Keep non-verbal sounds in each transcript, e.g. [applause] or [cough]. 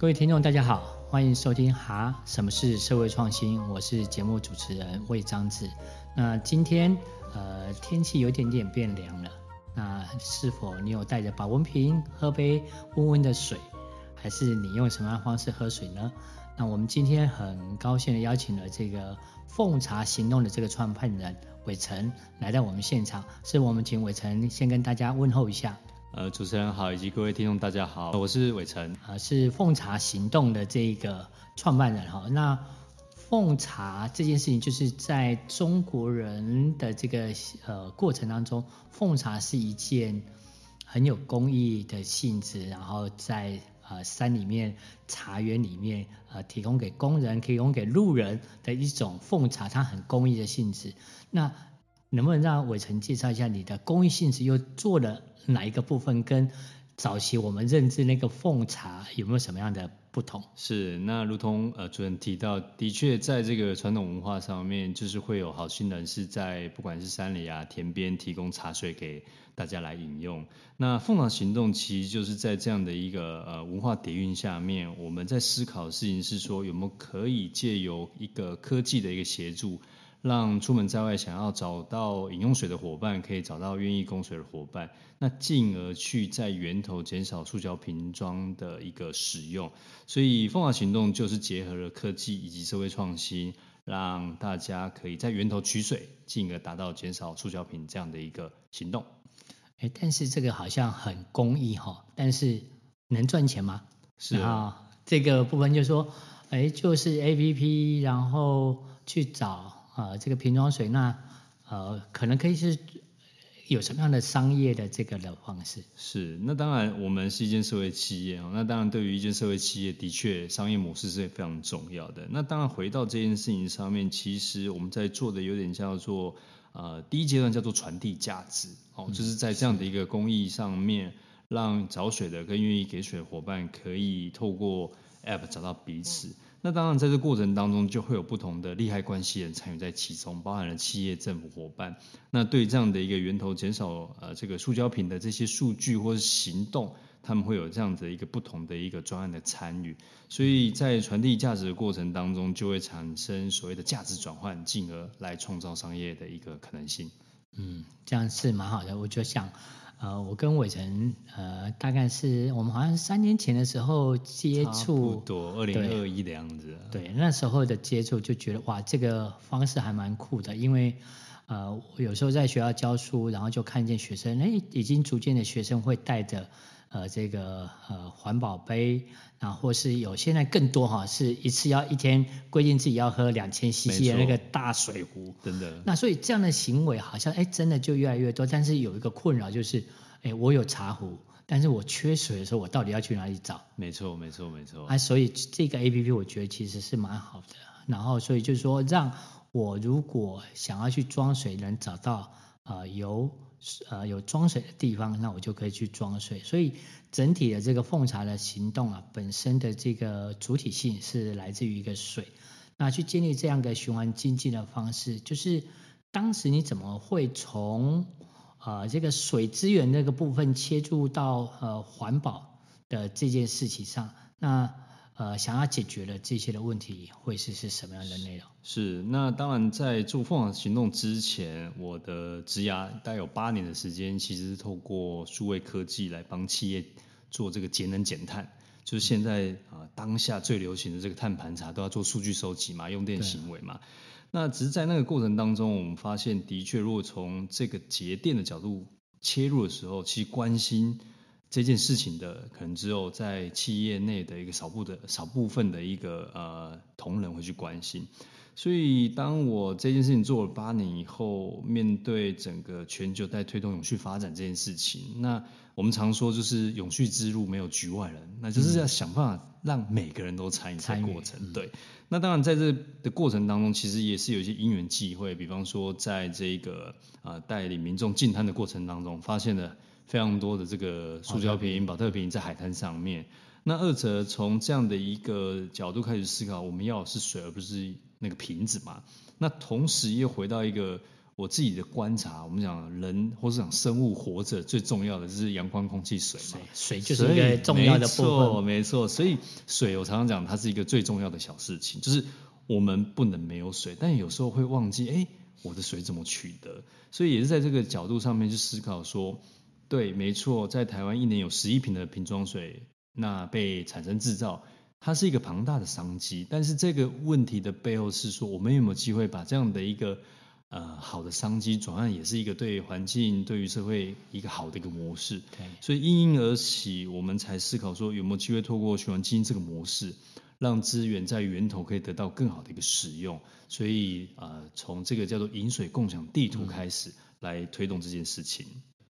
各位聽眾，大家好，歡迎收聽《哈，什麼是社會創新？》我是節目主持人魏張志。那今天，呃，天氣有點點變涼了，那是否你有帶着保溫瓶喝杯溫溫的水，還是你用什麼樣的方式喝水呢？那我們今天很高興地邀請了這個奉茶行動的這個創辦人偉成來到我們現場，是我們請偉成先跟大家問候一下。呃，主持人好，以及各位聽眾大家好，我是偉成，呃，是奉茶行動的這一個創辦人哈。那奉茶這件事情，就是在中國人的這個呃過程當中，奉茶是一件很有公益的性質，然後在呃山裡面茶園裡面呃提供給工人，提供給路人的一種奉茶，它很公益的性質。那能不能讓偉成介紹一下你的公益性質又做了哪一個部分？跟早期我們認知那個奉茶有沒有什麼樣的不同？是，那如同呃主任提到，的確在這個傳統文化上面，就是會有好心人士在不管是山裡啊、田邊提供茶水給大家來飲用。那奉茶行動其實就是在這樣的一個呃文化底蘊下面，我們在思考的事情是說，有沒有可以借由一個科技的一個協助。讓出門在外想要找到飲用水的夥伴，可以找到願意供水的夥伴，那進而去在源頭減少塑膠瓶裝的一個使用。所以，奉茶行動就是結合了科技以及社會創新，讓大家可以在源頭取水，進而達到減少塑膠瓶這樣的一個行動。哎、欸，但是這個好像很公益哈，但是能賺錢嗎？是啊 的，這個部分就是說，哎、欸，就是 A P P，然後去找。啊，這個瓶裝水，那呃，可能可以是有什麼樣的商業的這個的方式？是，那當然，我們是一間社會企業哦，那當然，對於一間社會企業，的確商業模式是非常重要的。那當然，回到這件事情上面，其實我們在做的有點叫做呃，第一階段叫做傳遞價值哦，就是在這樣的一個公益上面，嗯、讓找水的跟願意給水的夥伴，可以透過 App 找到彼此。那當然，在這個過程當中，就會有不同的利害關係人參與在其中，包含了企業、政府、夥伴。那對這樣的一個源頭減少呃這個塑膠品的這些數據或是行動，他們會有這樣的一個不同的一個專案的參與。所以在傳遞價值的過程當中，就會產生所謂的價值轉換，進而來創造商業的一個可能性。嗯，這樣是蠻好的。我就想。呃，我跟偉成，呃，大概是我們好像三年前的時候接觸，差不多二零二一的樣子。對，那時候的接觸就覺得哇，這個方式還蠻酷的，因為呃，我有時候在學校教書，然後就看見學生，哎、欸，已經逐漸的學生會帶着。呃，這個呃，環保杯，然後，啊，或是有現在更多哈、啊，是一次要一天規定自己要喝兩千 CC 的那個大水壺，真的。那所以這樣的行為好像哎、欸，真的就越來越多。但是有一個困擾就是，哎、欸，我有茶壺，但是我缺水的時候，我到底要去哪裡找？沒錯，沒錯，沒錯。啊，所以這個 A P P 我覺得其實是蠻好的。然後所以就是說，讓我如果想要去裝水，能找到啊、呃、由。呃，有裝水的地方，那我就可以去裝水。所以整體的這個奉茶的行動啊，本身的這個主體性是來自於一個水，那去建立這樣的循環經濟的方式，就是當時你怎麼會從呃這個水資源那個部分切入到呃環保的這件事情上？那呃，想要解決的這些的問題會是,是什麼樣的內容？是那當然，在做奉茶行動之前，我的職涯大概有八年的時間，其實是透過數位科技來幫企業做這個節能減碳，就是現在啊、嗯呃、當下最流行的這個碳盤查都要做數據收集嘛，用電行為嘛。對那只是在那個過程當中，我們發現的確，如果從這個節電的角度切入的時候，其實關心。這件事情的可能只有在企業內的一個少部的少部分的一個呃同仁會去關心，所以當我這件事情做了八年以後，面對整個全球在推動永續發展這件事情，那我們常說就是永續之路沒有局外人，嗯、那就是要想辦法讓每個人都參與這個過程。嗯、對，那當然在這個的過程當中，其實也是有一些因緣際會，比方說在這個啊、呃、帶領民眾淨灘的過程當中，發現了。非常多的這個塑膠瓶、寶 Okay. 特瓶在海灘上面。那二者從這樣的一個角度開始思考，我們要的是水，而不是那個瓶子嘛。那同時又回到一個我自己的觀察，我們講人或是講生物活着最重要的就是陽光、空氣、水嘛水。水就是一個重要的部分。沒錯，沒錯。所以水我常常講，它是一個最重要的小事情，就是我們不能沒有水，但有時候會忘記，哎、欸，我的水怎麼取得？所以也是在這個角度上面去思考說。對，沒錯，在台灣一年有十億瓶的瓶裝水，那被產生製造，它是一個龐大的商機。但是這個問題的背後是說，我們有沒有機會把這樣的一個呃好的商機轉換，也是一個對環境、對於社會一個好的一個模式。對，Okay. 所以因應而起，我們才思考說有沒有機會透過循環經濟這個模式，讓資源在源頭可以得到更好的一個使用。所以呃，從這個叫做飲水共享地圖開始，嗯、來推動這件事情。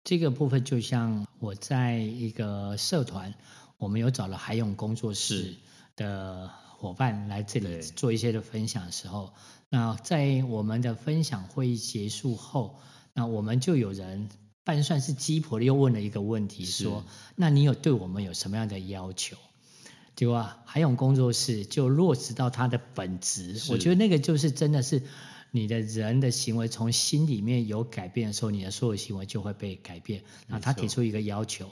這個部分就像我在一個社團，我們有找了海勇工作室的夥伴來這裡做一些的分享的時候，對那在我們的分享會議結束後，那我們就有人，半算是雞婆又問了一個問題，說：是那你有對我們有什麼樣的要求？就啊海勇工作室就落實到它的本質。是我覺得那個就是真的是。你的人的行為從心裡面有改變的時候，你的所有行為就會被改變。沒錯。那他提出一個要求，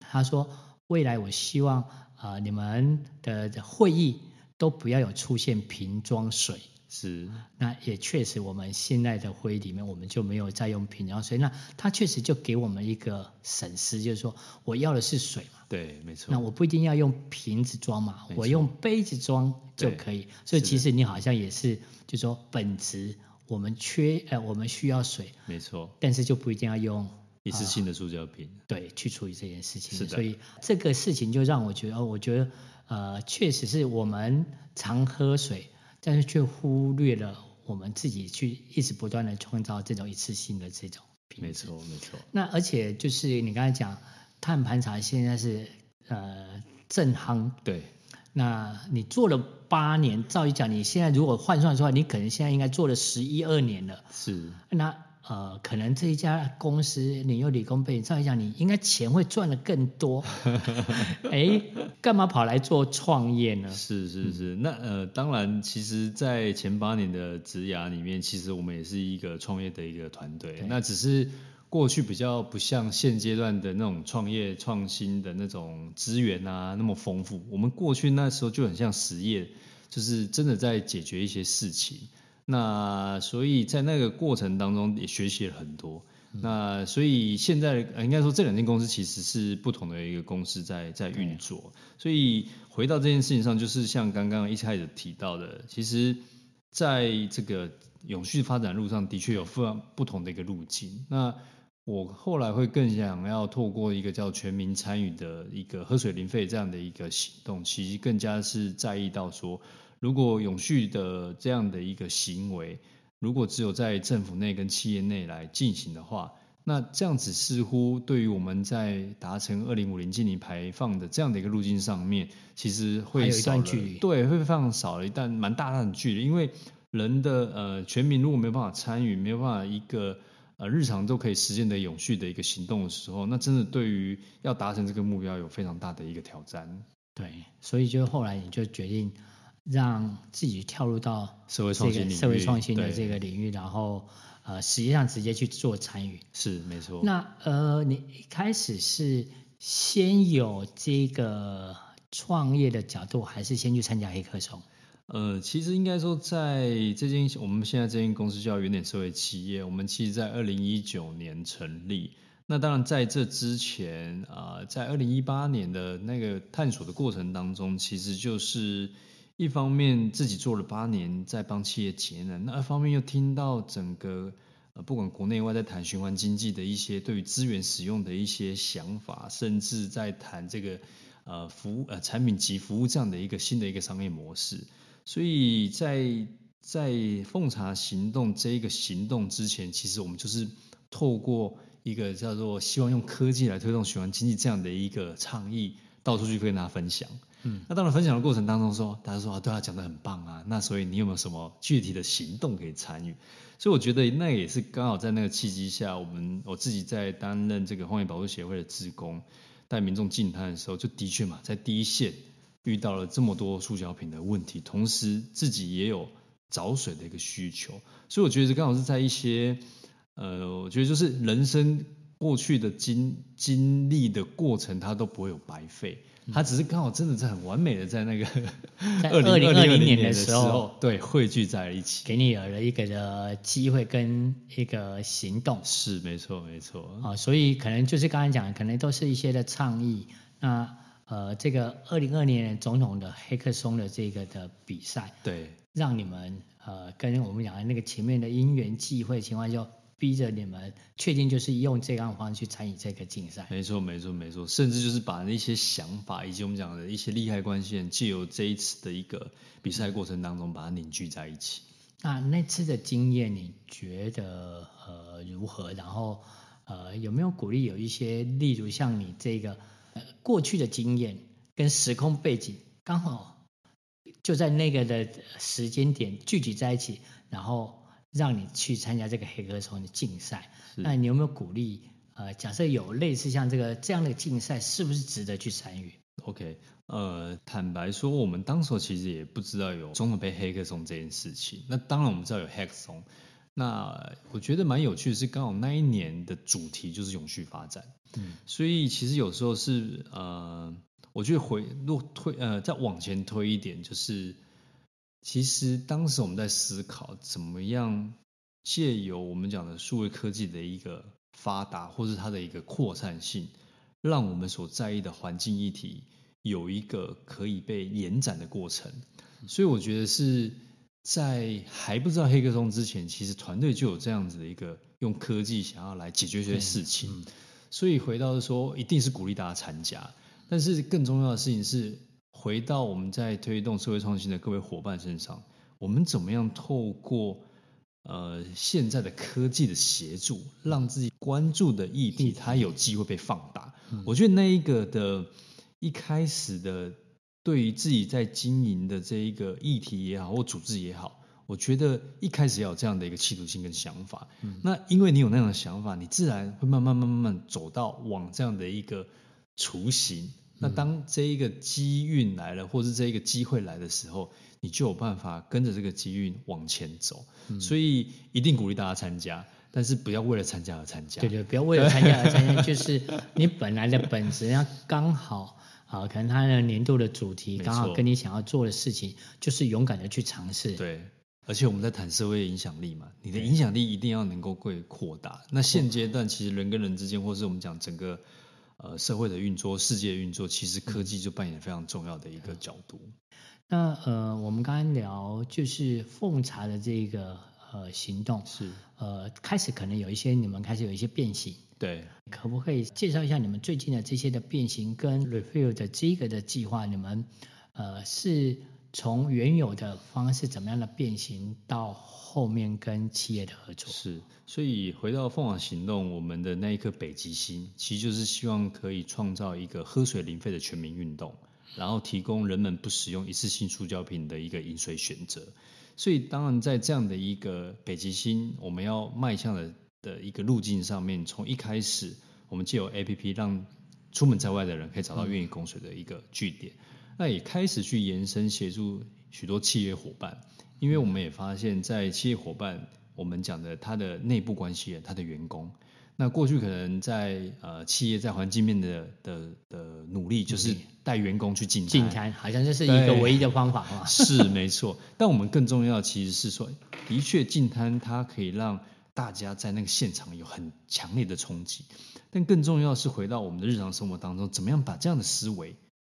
他說：“未來我希望啊、呃，你們的、的會議都不要有出現瓶裝水。”是，那也確實，我們現在的會議裡面，我們就沒有再用瓶裝水。那他確實就給我們一個審視，就是說，我要的是水嘛。對，沒錯。那我不一定要用瓶子裝嘛，錯我用杯子裝就可以。對所以其實你好像也是，就是說本質我們缺，呃，我們需要水，沒錯錯。但是就不一定要用一次性的塑膠瓶、呃，對，去處理這件事情。是的所以這個事情就讓我覺得，我覺得，呃，確實是我們常喝水，但是卻忽略了我們自己去一直不斷的創造這種一次性的這種瓶沒錯。沒錯，沒錯。那而且就是你剛才講。碳盤查現在是呃正夯，對，那你做了八年，照理講你現在如果換算出來，你可能現在應該做了十一二年了。是，那呃，可能這一家公司你有理工背景，照理講你應該錢會賺得更多，哎， [laughs] 幹嘛跑來做創業呢？是是是，那呃，當然，其實，在前八年的職涯裡面，其實我們也是一個創業的一個團隊，對那只是。過去比較不像現階段的那種創業創新的那種資源啊，那麼豐富，我們過去那時候就很像實業，就是真的在解決一些事情。那所以在那個過程當中也學習了很多。嗯、那所以現在應該說這兩間公司其實是不同的一個公司在在運作。嗯、所以回到這件事情上，就是像剛剛一開始提到的，其實在這個永續發展的路上的確有非常不同的一個路徑。那我後來會更想要透過一個叫全民參與的一個喝水零廢這樣的一個行動，其實更加是在意到說，如果永續的這樣的一個行為，如果只有在政府內跟企業內來進行的話，那這樣子似乎對於我們在達成二零五零淨零排放的這樣的一個路徑上面，其實會少有一段距離。對，會放少了一段蠻大大的距離，因為人的呃全民如果沒有辦法參與，沒有辦法一個。呃，日常都可以實現的永續的一個行動的時候，那真的對於要達成這個目標有非常大的一個挑戰。對，所以就後來你就決定讓自己跳入到社會創新社會創新的這個領域，對然後呃，實際上直接去做參與。是，沒錯。那呃，你一開始是先有這個創業的角度，還是先去參加黑客松？呃，其實應該說，在這間我們現在這間公司叫原點社會企業，我們其實在二零一九年成立。那當然在這之前啊、呃，在二零一八年的那個探索的過程當中，其實就是一方面自己做了八年在幫企業節能，那二方面又聽到整個呃不管國內外在談循環經濟的一些對於資源使用的一些想法，甚至在談這個呃服務呃產品及服務這樣的一個新的一個商業模式。所以在在奉茶行動這一個行動之前，其實我們就是透過一個叫做希望用科技來推動循環經濟這樣的一個倡議，到處去跟大家分享。嗯，那當然分享的過程當中說，說大家說啊，對他、啊、講得很棒啊。那所以你有沒有什麼具體的行動可以參與？所以我覺得那也是剛好在那個契機下，我們我自己在擔任這個荒野保護協會的志工，帶民眾進山的時候，就的確嘛，在第一線。遇到了這麼多塑膠品的問題，同時自己也有找水的一個需求，所以我覺得剛好是在一些呃，我覺得就是人生過去的經經歷的過程，它都不會有白費，它只是剛好真的是很完美的在那個在二零二零年的時候，對，匯聚在一起，給你有了一個的機會跟一個行動，是沒錯沒錯啊、哦，所以可能就是剛剛講的，可能都是一些的倡議，那。呃，這個二零二零年總統的黑客松的這個的比賽，對，讓你們呃跟我們講的那個前面的因緣際會情況，就逼着你們確定就是用這樣的方式去參與這個競賽。沒錯，沒錯，沒錯，甚至就是把那些想法以及我們講的一些利害關係，借由這一次的一個比賽過程當中，把它凝聚在一起。嗯，那那次的經驗你覺得呃如何？然後呃有沒有鼓勵有一些，例如像你這個？過去的經驗跟時空背景剛好就在那個的時間點聚集在一起，然後讓你去參加這個黑客松的競賽。是那你有沒有鼓勵？呃，假設有類似像這個這樣的競賽，是不是值得去參與？OK，呃，坦白說，我們當時其實也不知道有中台杯黑客松這件事情。那當然我們知道有黑客松。那我覺得蠻有趣的是，剛好那一年的主題就是永續發展。所以其實有時候是呃，我覺得回推呃，再往前推一點，就是其實當時我們在思考怎麼樣借由我們講的數位科技的一個發達，或是它的一個擴散性，讓我們所在意的環境議題有一個可以被延展的過程。所以我覺得是。在還不知道黑客松之前，其實團隊就有這樣子的一個用科技想要來解決這些事情，嗯嗯、所以回到說，一定是鼓勵大家參加。但是更重要的事情是，回到我們在推動社會創新的各位伙伴身上，我們怎麼樣透過呃現在的科技的協助，讓自己關注的議題，議題它有機會被放大。嗯、我覺得那一個的一開始的。對於自己在經營的這一個議題也好，或組織也好，我覺得一開始也要有這樣的一個企圖心跟想法。嗯、那因為你有那種的想法，你自然會慢慢慢慢走到往這樣的一個雛形。嗯、那當這一個機運來了，或是這一個機會來的時候，你就有辦法跟着這個機運往前走。嗯、所以一定鼓勵大家參加，但是不要為了參加而參加。對對，不要為了參加而參加， [laughs] 就是你本來的本質，人家剛好。好，可能他的年度的主題剛好跟你想要做的事情，錯就是勇敢的去嘗試。對，而且我們在談社會影響力嘛，你的影響力一定要能夠會擴大。對那現階段其實人跟人之間，嗯、或是我們講整個呃社會的運作、世界運作，其實科技就扮演非常重要的一個角度。嗯嗯、那呃，我們剛剛聊就是奉茶的這個。呃，行動是，呃，開始可能有一些，你們開始有一些變形，對，可不可以介紹一下你們最近的這些的變形跟 Refill 的這個的計劃？你們呃，是從原有的方式怎麼樣的變形到後面跟企業的合作？是，所以回到奉茶行動，我們的那一顆北極星，其實就是希望可以創造一個喝水零廢的全民運動，然後提供人們不使用一次性塑膠瓶的一個飲水選擇。所以，當然，在這樣的一個北極星，我們要邁向的的一個路徑上面，從一開始，我們藉由 APP 讓出門在外的人可以找到願意供水的一個據點，那也開始去延伸協助許多企業夥伴，因為我們也發現，在企業夥伴，我們講的他的內部關係他的員工。那過去可能在呃企業在環境面的的的努力，努力就是帶員工去淨灘。淨灘好像這是一個唯一的方法嘛，是沒錯， [laughs] 但我們更重要其實是說，的確淨灘它可以讓大家在那個現場有很強烈的衝擊，但更重要是回到我們的日常生活當中，怎麼樣把這樣的思維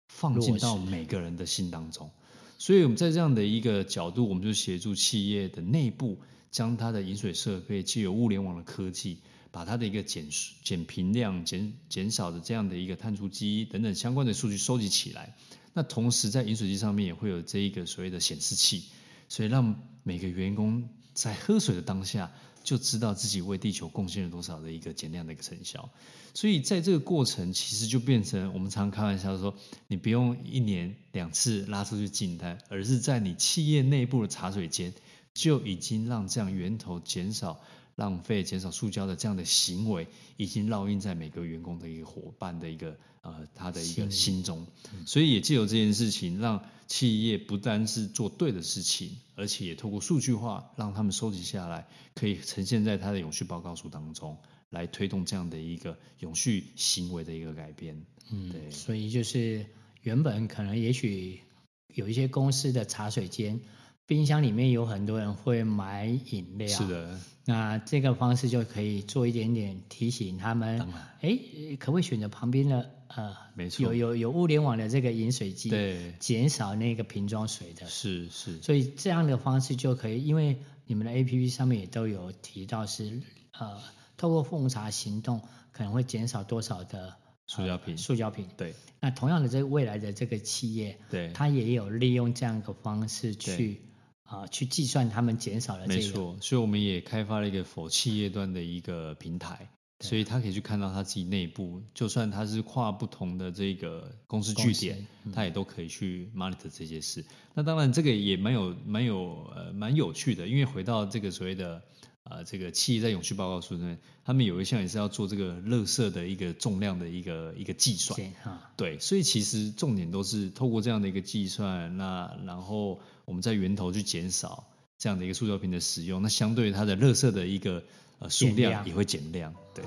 放進到每個人的心當中？所以我們在這樣的一個角度，我們就協助企業的內部將它的飲水設備借由物聯網的科技。把它的一個減減頻量減減少的這樣的一個碳足跡等等相關的數據收集起來，那同時在飲水機上面也會有這一個所謂的顯示器，所以讓每個員工在喝水的當下就知道自己為地球貢獻了多少的一個減量的一個成效。所以在這個過程，其實就變成我們常常開玩笑說，你不用一年兩次拉出去淨灘，而是在你企業內部的茶水間就已經讓這樣源頭減少。浪費減少塑膠的這樣的行為，已經烙印在每個員工的一個夥伴的一個呃他的一個心中，所以也借由這件事情，讓企業不單是做對的事情，而且也透過數據化，讓他們收集下來，可以呈現在他的永續報告書當中，來推動這樣的一個永續行為的一個改變。嗯，對，所以就是原本可能也許有一些公司的茶水間。冰箱裡面有很多人會買飲料，是的。那這個方式就可以做一點點提醒他們，哎然、欸，可不可以選擇旁邊的呃，沒錯錯，有有有物聯網的這個飲水機，對，減少那個瓶裝水的，是是。是所以這樣的方式就可以，因為你們的 APP 上面也都有提到是呃，透過奉茶行動可能會減少多少的塑膠瓶，呃、塑膠瓶，對。那同樣的，這個未來的這個企業，對，它也有利用這樣一個方式去。啊，去計算他們減少了，這個。沒錯，所以我們也開發了一個 for 企業端的一個平台，嗯、所以他可以去看到他自己內部，就算他是跨不同的這個公司據點，嗯、他也都可以去 monitor 這些事。那當然，這個也蠻有、蠻有、呃，蠻有趣的，因為回到這個所謂的。啊、呃，這個企業在永續報告書中，他們有一項也是要做這個垃圾的一個重量的一個一個計算，啊、對，所以其實重點都是透過這樣的一個計算，那然後我們在源頭去減少這樣的一個塑料瓶的使用，那相對它的垃圾的一個呃數量也會減量，對。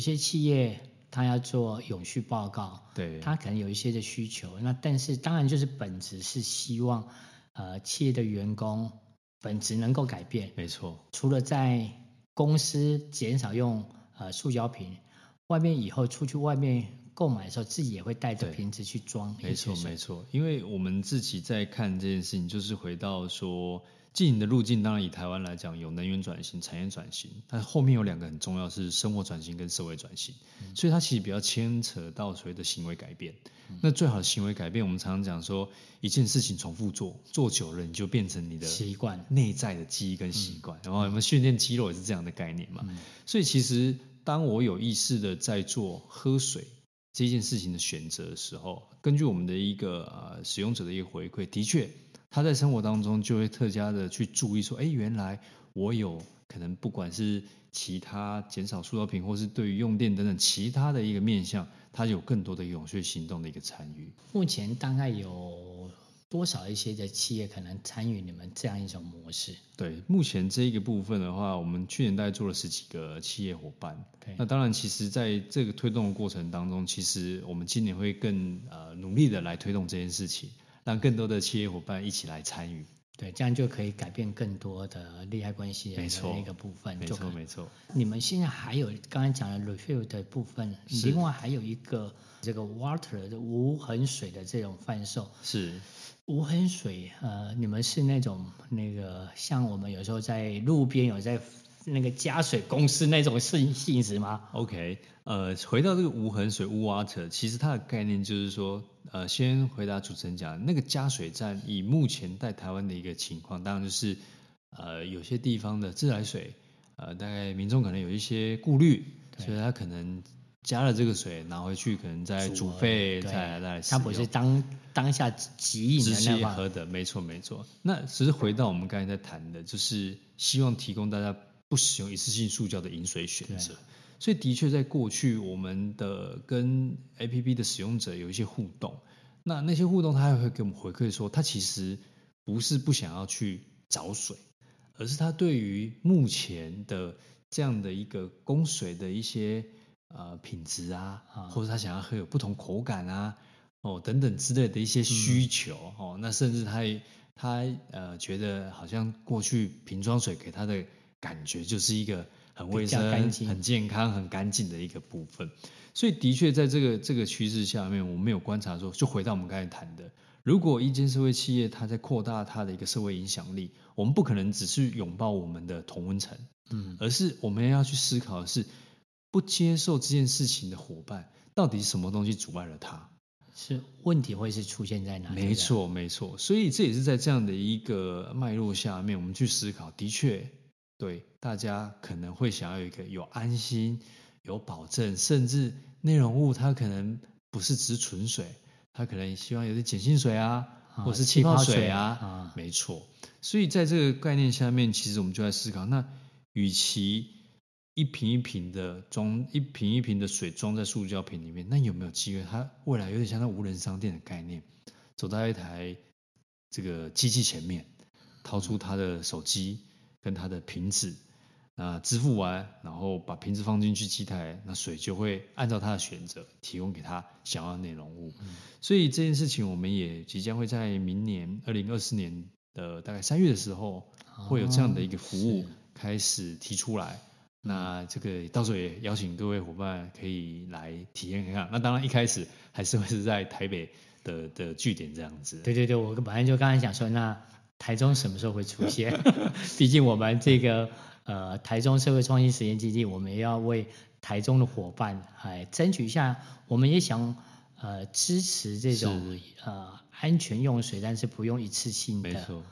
有些企業它要做永續報告，對，它可能有一些的需求。那但是當然就是本質是希望，呃，企業的員工本質能夠改變。沒錯錯，除了在公司減少用呃塑膠瓶，外面以後出去外面購買的時候，自己也會帶着瓶子去裝。對沒錯，沒錯，因為我們自己在看這件事情，就是回到說。淨零的路徑當然以台灣來講，有能源轉型、產業轉型，但後面有兩個很重要，是生活轉型跟社會轉型。嗯、所以它其實比較牽扯到所謂的行為改變。嗯、那最好的行為改變，我們常常講說，一件事情重複做，做久了你就變成你的習慣，內在的記憶跟習慣。然後我們訓練肌肉也是這樣的概念嘛。嗯、所以其實當我有意識的在做喝水這件事情的選擇的時候，根據我們的一個、呃、使用者的一個回饋，的確。他在生活當中就會特加的去注意，說：哎、欸，原來我有可能不管是其他減少塑料品，或是對於用電等等其他的一個面向，他有更多的永續行動的一個參與。目前大概有多少一些的企業可能參與你們這樣一種模式？對，目前這一個部分的話，我們去年大概做了十幾個企業夥伴。對那當然其實在這個推動的過程當中，其實我們今年會更呃努力的來推動這件事情。讓更多的企業夥伴一起來參與，對，這樣就可以改變更多的利害關係人的那個部分。沒錯錯，沒錯錯。你們現在還有剛剛講的 r e f i l l 的部分，是另外還有一個這個 water 的無痕水的這種販售。是，無痕水，呃，你們是那種那個，像我們有時候在路邊有在。是那個加水公司那種性性質嗎？OK，呃，回到這個無痕水、無 e r 其實它的概念就是說，呃，先回答主持人講，那個加水站以目前在台灣的一個情況，當然就是，呃，有些地方的自來水，呃，大概民眾可能有一些顧慮，對所以他可能加了這個水拿回去，可能在煮沸,煮煮沸再來再來。它不是當當下即飲的那塊。只的，沒錯沒錯。那只是回到我們剛才在談的，對就是希望提供大家。不使用一次性塑膠的飲水選擇，所以的確，在過去，我們的跟 A P P 的使用者有一些互動，那那些互動，他也會給我們回饋說，他其實不是不想要去找水，而是他對於目前的這樣的一個供水的一些呃品質啊，或者他想要喝有不同口感啊，哦等等之類的一些需求、嗯、哦，那甚至他他呃覺得好像過去瓶裝水給他的。感覺就是一個很衛生、很健康、很乾淨的一個部分，所以的確，在這個這個趨勢下面，我沒有觀察說，就回到我們剛才談的，如果一間社會企業它在擴大它的一個社會影響力，我們不可能只是擁抱我們的同溫層，嗯，而是我們要去思考的是，不接受這件事情的伙伴到底是什麼東西阻礙了他？是問題會是出現在哪裡？沒錯，沒錯，所以這也是在這樣的一個脈絡下面，我們去思考，的確。對，大家可能會想要一個有安心、有保證，甚至內容物它可能不是只純水，它可能希望有些鹼性水啊，或是氣泡水啊。沒錯，所以在這個概念下面，其實我們就在思考：那與其一瓶一瓶的裝，一瓶一瓶的水裝在塑膠瓶裡面，那有沒有機會？它未來有點像那無人商店的概念，走到一台這個機器前面，掏出他的手機。嗯跟它的瓶子，那支付完，然後把瓶子放進去機台，那水就會按照他的選擇提供給他想要的內容物。嗯、所以這件事情，我們也即將會在明年二零二四年的大概三月的時候，嗯、會有這樣的一個服務開始提出來。哦、那這個到時候也邀請各位夥伴可以來體驗一下。那當然一開始還是會是在台北的的據點這樣子。對對對，我本來就剛才想說那。台中什麼時候會出現？ [laughs] 畢竟我們這個呃台中社會創新實驗基地，我們也要為台中的夥伴哎爭取一下，我們也想呃支持這種是呃安全用水，但是不用一次性的。沒錯。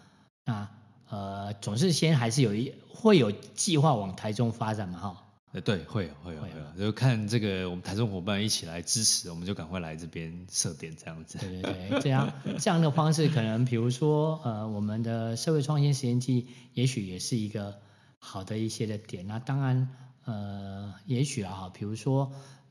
那呃總是先還是有一會有計劃往台中發展嘛哈。呃，對，會會有會有，就看這個我們台中夥伴一起來支持，我們就趕快來這邊設點這樣子。對對對，這樣這樣的方式，可能 [laughs] 比如說呃，我們的社會創新實驗計，也許也是一個好的一些的點。那當然，呃，也許啊，比如說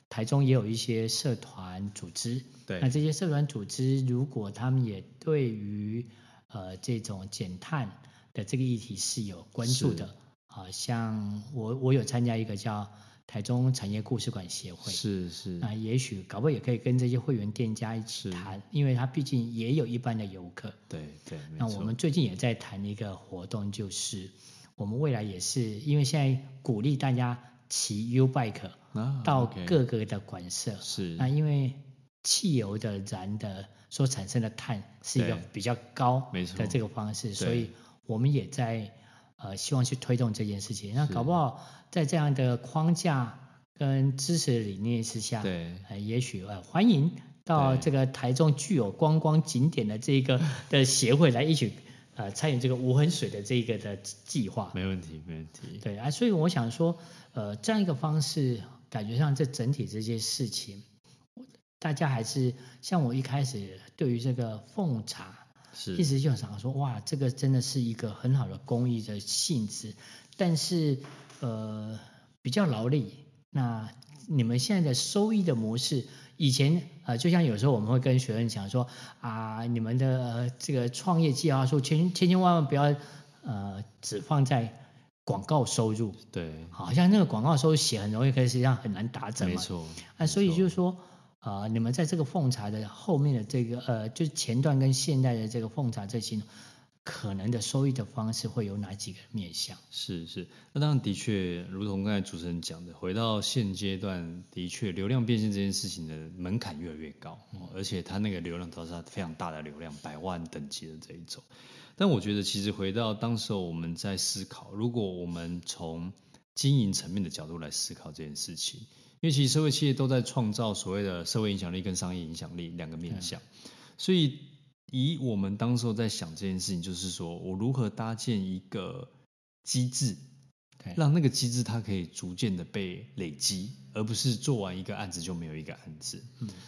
台中也有一些社團組織，對，那這些社團組織如果他們也對於呃這種減碳的這個議題是有關注的。啊，像我我有參加一個叫台中產業故事館協會，是、是，是那也許搞不好也，可以跟這些會員店家一起談，是因為他畢竟也有一般的遊客，對、對，對那我們最近也在談一個活動，就是我們未來也是，因為現在鼓勵大家騎 U bike 到各個、各個的館舍，啊、okay，是，那因為汽油的燃的所產生的碳是一個比較高的這個方式，所以我們也在。呃，希望去推動這件事情，那搞不好在這樣的框架跟支持的理念之下，對，呃，也許，呃，歡迎到這個台中具有觀光景點的這個的協會來一起，呃，參與這個無痕水的這個的計劃。沒問題，沒問題。對啊，呃，所以我想說，呃，這樣一個方式，感覺上這整體這件事情，大家還是像我一開始對於這個奉茶。一直是就想說，哇，這個真的是一個很好的公益的性質，但是，呃，比較勞力。那你們現在的收益的模式，以前呃，就像有時候我們會跟學生講說，啊、呃，你們的、呃、這個創業計劃書，千千千萬萬不要呃，只放在廣告收入。對。好像那個廣告收入寫很容易，可是實際上很難達成嘛，沒錯錯。啊，所以就是說。啊，你們在這個奉茶的後面的這個呃，就是前段跟現代的這個奉茶這些可能的收益的方式會有哪幾個面向？是是，那當然的確，如同剛才主持人講的，回到現階段的確，流量變現這件事情的門檻越來越高，哦，而且它那個流量都是它非常大的流量，百萬等級的這一種。但我覺得，其實回到當時候我們在思考，如果我們從經營層面的角度來思考這件事情。因為其實社會企業都在創造所謂的社會影響力跟商業影響力兩個面向，所以以我們當時在想這件事情，就是說我如何搭建一個機制，讓那個機制它可以逐漸的被累積，而不是做完一個案子就沒有一個案子。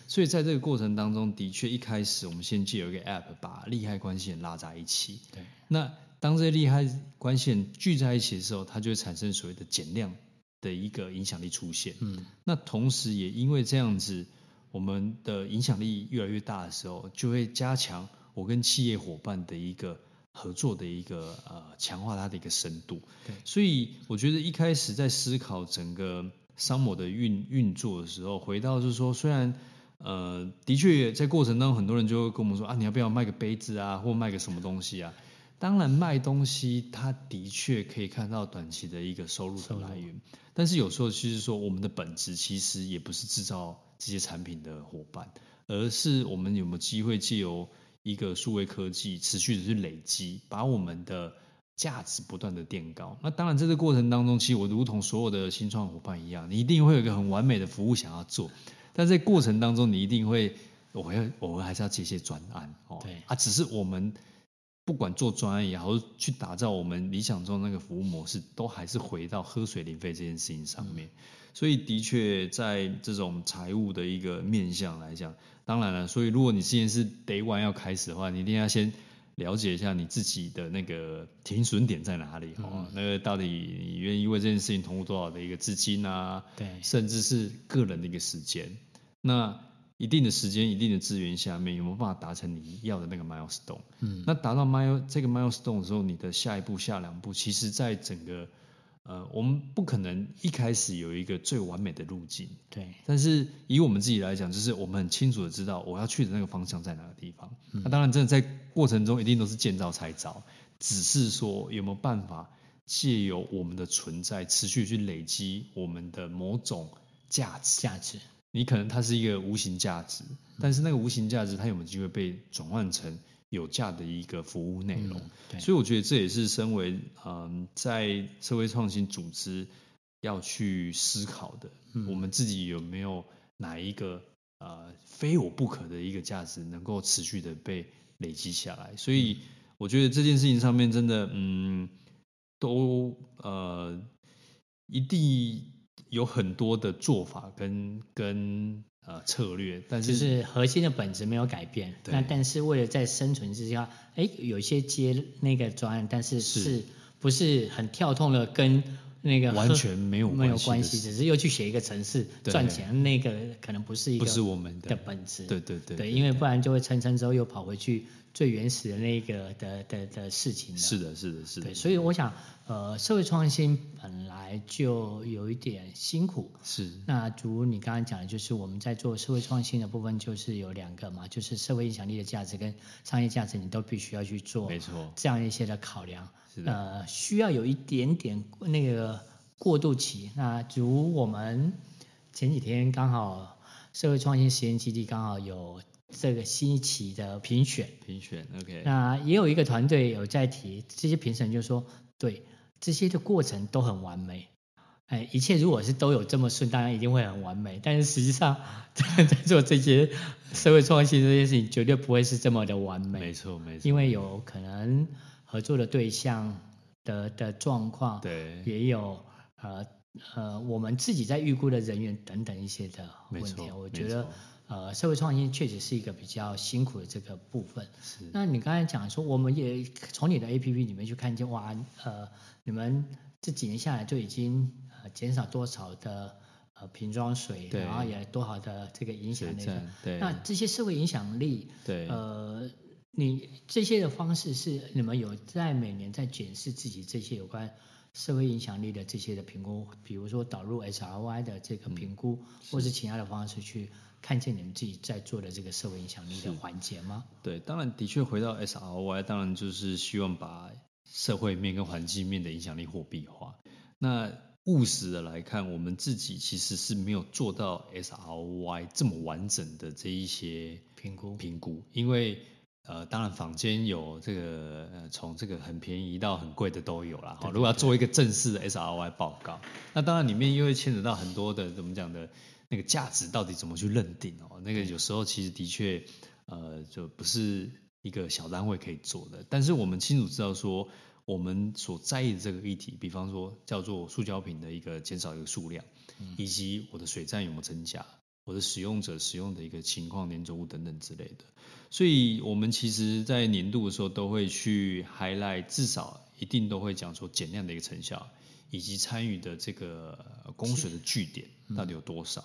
所以在這個過程當中，的確一開始我們先借由一個 App 把利害關係人拉在一起。對。那當這些利害關係人聚在一起的時候，它就會產生所謂的減量。的一個影響力出現，嗯，那同時也因為這樣子，我們的影響力越來越大的時候，就會加強我跟企業夥伴的一個合作的一個呃強化它的一個深度。對所以我覺得一開始在思考整個商模的運運作的時候，回到就是說，雖然呃，的確在過程當中很多人就會跟我們說啊，你要不要賣個杯子啊，或賣個什麼東西啊。當然，賣東西它的確可以看到短期的一個收入的來源，但是有時候其實說我們的本質其實也不是制造這些產品的夥伴，而是我們有沒有機會借由一個數位科技持續的去累積，把我們的價值不斷的墊高。那當然在這個過程當中，其實我如同所有的新創夥伴一樣，你一定會有一個很完美的服務想要做，但在過程當中你一定會，我要我還是要接一些專案哦。對啊，只是我們。不管做專業也好，去打造我們理想中的那個服務模式，都還是回到喝水零費這件事情上面。所以的確，在這種財務的一個面向來講，當然了，所以如果你現在是 Day One 要開始的話，你一定要先了解一下你自己的那個停損點在哪裡，嗯哦，那個到底你願意為這件事情投入多少的一個資金啊，對，甚至是個人的一個時間，那。一定的時間、一定的資源下面，有沒有辦法達成你要的那個 milestone？嗯，那達到 mile 這個 milestone 的時候，你的下一步、下兩步、步，其實在整個，呃，我們不可能一開始有一個最完美的路徑。對。但是以我們自己來講，就是我們很清楚的知道我要去的那個方向在哪個地方。嗯，那當然，真的在過程中一定都是見招拆招，只是說有沒有辦法借由我們的存在，持續去累積我們的某種價值價值。你可能它是一個無形價值，但是那個無形價值它有沒有機會被轉換成有價的一個服務內容？嗯、對，所以我覺得這也是身為嗯、呃、在社會創新組織要去思考的，嗯、我們自己有沒有哪一個呃非我不可的一個價值能夠持續的被累積下來？所以我覺得這件事情上面真的嗯都呃一定，有很多的做法跟跟呃策略，但是就是核心的本質沒有改變。對那但是為了在生存之下，哎、欸，有些接那個專案，但是是不是很跳痛的跟？那個完全沒有關係，沒有關係，只是又去寫一個程式賺錢，對對，那個可能不是一個不是我們的、的本質。對對對，對，對，因為不然就會層層之後又跑回去最原始的那個的的的、的事情了。是的，是的、是的、是的。對，所以我想，呃，社會創新本來就有一點辛苦。是。那如你剛剛講的，就是我們在做社會創新的部分，就是有兩個嘛，就是社會影響力的價值跟商業價值，你都必須要去做。沒錯。這樣一些的考量。呃，需要有一點點那個過渡期。那如我們前幾天剛好社會創新實驗基地剛好有這個新一期的評選，評選 OK。那也有一個團隊有在提這些評審，就說對這些的過程都很完美。哎，一切如果是都有這麼順，當然一定會很完美。但是實際上在做 [laughs] 這些社會創新這件事情，絕對不會是這麼的完美。沒錯，沒錯，因為有可能。合作的對象的的狀況，對也有呃呃，我們自己在預估的人員等等一些的問題，錯我覺得錯呃，社會創新確實是一個比較辛苦的這個部分。是那你剛才講說，我們也從你的 APP 裡面去看見，哇，呃，你們這幾年下來就已經減少多少的呃瓶裝水，對然後也多少的這個影響力，那這些社會影響力，對呃。你這些的方式是你們有在每年在檢視自己這些有關社會影響力的這些的評估，比如說導入 SROI 的這個評估，嗯、是或是其他的方式去看見你們自己在做的這個社會影響力的環節嗎？對，當然的確，回到 SROI，當然就是希望把社會面跟環境面的影響力貨幣化。那務實的來看，我們自己其實是沒有做到 SROI 這麼完整的這一些評估評估，因為。呃，當然，坊間有這個，從、呃、這個很便宜到很貴的都有啦。哦，如果要做一個正式的 SRY 報告，那當然裡面又會牽扯到很多的，嗯、怎麼講的，那個價值到底怎麼去認定哦？那個有時候其實的確，呃，就不是一個小單位可以做的。但是我們清楚知道說，嗯、我們所在意的這個議題，比方說叫做塑膠品的一個減少一個數量，嗯、以及我的水站有沒有增加。我的使用者使用的一個情況、黏着物等等之類的，所以我們其實，在年度的時候都會去 highlight 至少一定都會講說減量的一個成效，以及參與的這個供水的據點、嗯、到底有多少。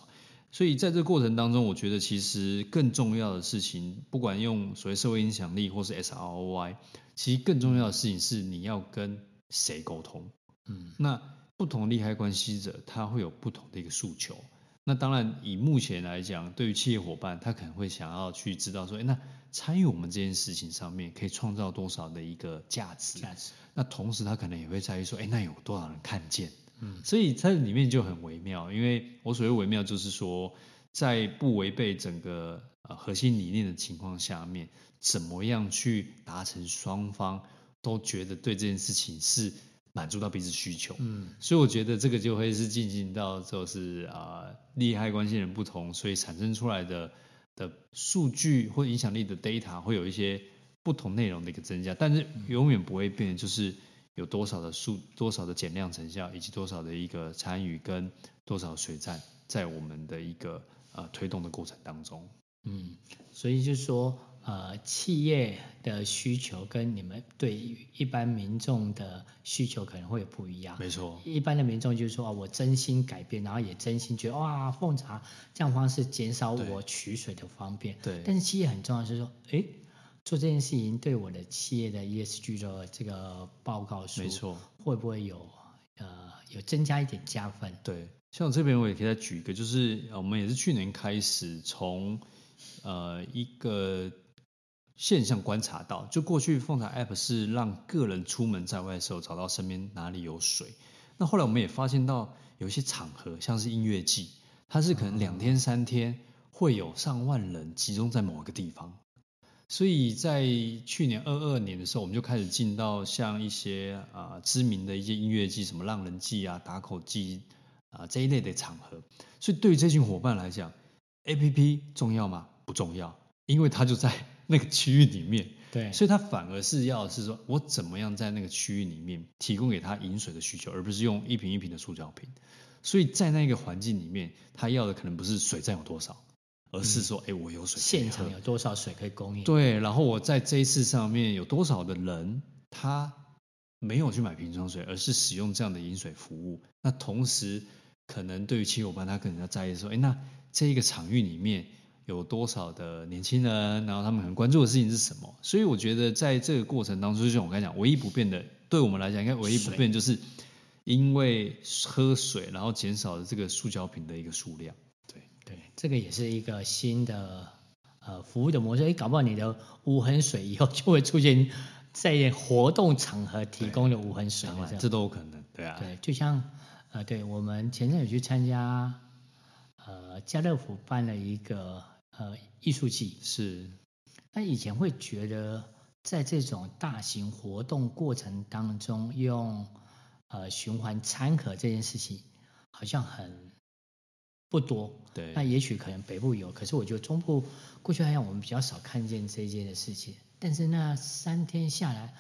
所以在這個過程當中，我覺得其實更重要的事情，不管用所謂社會影響力或是 SROI，其實更重要的事情是你要跟誰溝通。嗯，那不同利害關係者，他會有不同的一個訴求。那當然，以目前來講，對於企業夥伴，他可能會想要去知道說，誒那參與我們這件事情上面可以創造多少的一個價值？價值是。那同時，他可能也會在意說，誒那有多少人看見？嗯。所以，在裡面就很微妙。因為我所謂微妙，就是說，在不違背整個、呃、核心理念的情況下面，怎麼樣去達成雙方都覺得對這件事情是。滿足到彼此需求，嗯，所以我覺得這個就會是進行到就是啊，呃、利害關係人不同，所以產生出來的的數據或影響力的 data 會有一些不同內容的一個增加，但是永遠不會變，就是有多少的數，嗯、多少的減量成效，以及多少的一個參與跟多少水站在我們的一個、呃、推動的過程當中，嗯，所以就說。呃，企業的需求跟你們對一般民眾的需求可能會有不一樣。沒錯。一般的民眾就是說，哦，我真心改變，然後也真心覺得哇，奉茶這樣方式減少我取水的方便。對。但是企業很重要，就是說，哎，做這件事情對我的企業的 ESG 的這個報告書，沒錯，會不會有呃有增加一點加分？對。像我這邊我也可以再舉一個，就是我們也是去年開始從呃一個。現象觀察到，就過去奉茶 App 是讓個人出門在外的時候找到身邊哪裡有水。那後來我們也發現到，有一些場合像是音樂祭，它是可能兩天三天會有上萬人集中在某個地方，所以在去年二二年的時候，我們就開始進到像一些啊、呃、知名的一些音樂祭，什麼浪人祭啊、打狗祭啊、呃、這一類的場合。所以對於這群夥伴來講，APP 重要嗎？不重要，因為它就在。那個區域裡面，對，所以他反而是要的是說，我怎麼樣在那個區域裡面提供給他飲水的需求，而不是用一瓶一瓶的塑膠瓶。所以在那個環境裡面，他要的可能不是水站有多少，而是說，哎、嗯欸，我有水，現場有多少水可以供應？對，然後我在這一次上面有多少的人，他沒有去買瓶裝水，而是使用這樣的飲水服務。那同時，可能對於企業夥伴他可能家在意說，哎、欸，那這一個場域裡面。有多少的年輕人，然後他們很關注的事情是什麼？所以我覺得在這個過程當中，就像我剛才講，唯一不變的，對我們來講，應該唯一不變就是，因為喝水，然後減少了這個塑膠瓶的一個數量。對對，這個也是一個新的、呃、服務的模式。哎、欸，搞不好你的無痕水以後就會出現在一個活動場合提供的無痕水，這都有可能。對啊，對，就像、呃、對我們前陣有去參加家樂福辦了一個。呃，藝術季是，那以前會覺得在這種大型活動過程當中用呃循環餐盒這件事情好像很不多，對，那也許可能北部有，可是我覺得中部過去好像我們比較少看見這件的事情，但是那三天下來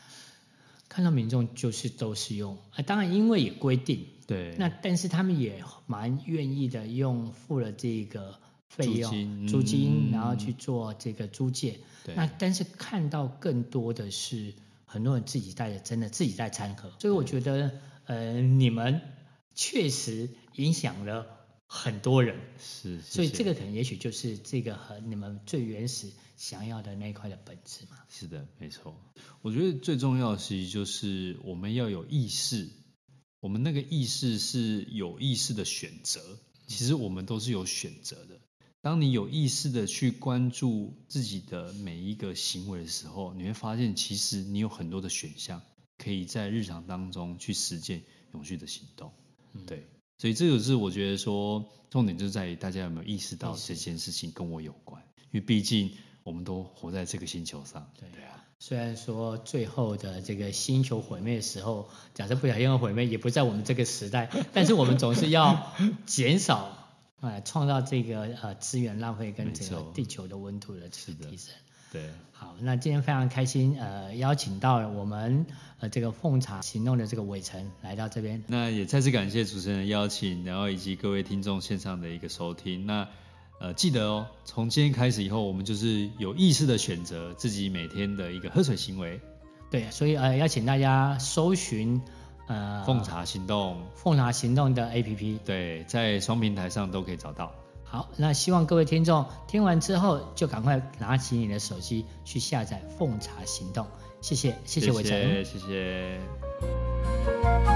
看到民眾就是都是用，啊、呃，當然因為也規定，對，那但是他們也蠻願意的用付了這個。費用、租金，租金嗯、然後去做這個租借。對那但是看到更多的是很多人自己帶着，真的自己在摻和。所以我覺得，嗯、呃，你們確實影響了很多人。是，謝謝，所以這個可能也許就是這個和你們最原始想要的那一塊的本質嘛。是的，沒錯。我覺得最重要的事情就是我們要有意識，我們那個意識是有意識的選擇。其實我們都是有選擇的。當你有意識的去關注自己的每一個行為的時候，你會發現，其實你有很多的選項，可以在日常當中去實踐永續的行動。嗯、對，所以這個是我覺得說，重點就在於大家有沒有意識到這件事情跟我有關？嗯、因為畢竟我們都活在這個星球上，對，對啊。雖然說最後的這個星球毀滅的時候，假設不小心要毀滅，也不在我們這個時代， [laughs] 但是我們總是要減少。呃，創、嗯、造這個呃資源浪費跟這個地球的溫度的提升。是的。對。好，那今天非常開心，呃，邀請到了我們呃這個奉茶行動的這個偉成來到這邊。那也再次感謝主持人的邀請，然後以及各位聽眾線上的一個收聽。那呃，記得哦，從今天開始以後，我們就是有意識的選擇自己每天的一個喝水行為。對，所以呃，邀請大家搜尋。呃，奉茶行動，奉茶行動的 A P P，對，在雙平台上都可以找到。好，那希望各位聽眾聽完之後，就趕快拿起你的手機去下載奉茶行動。謝謝，謝謝偉成，謝謝。謝謝謝謝。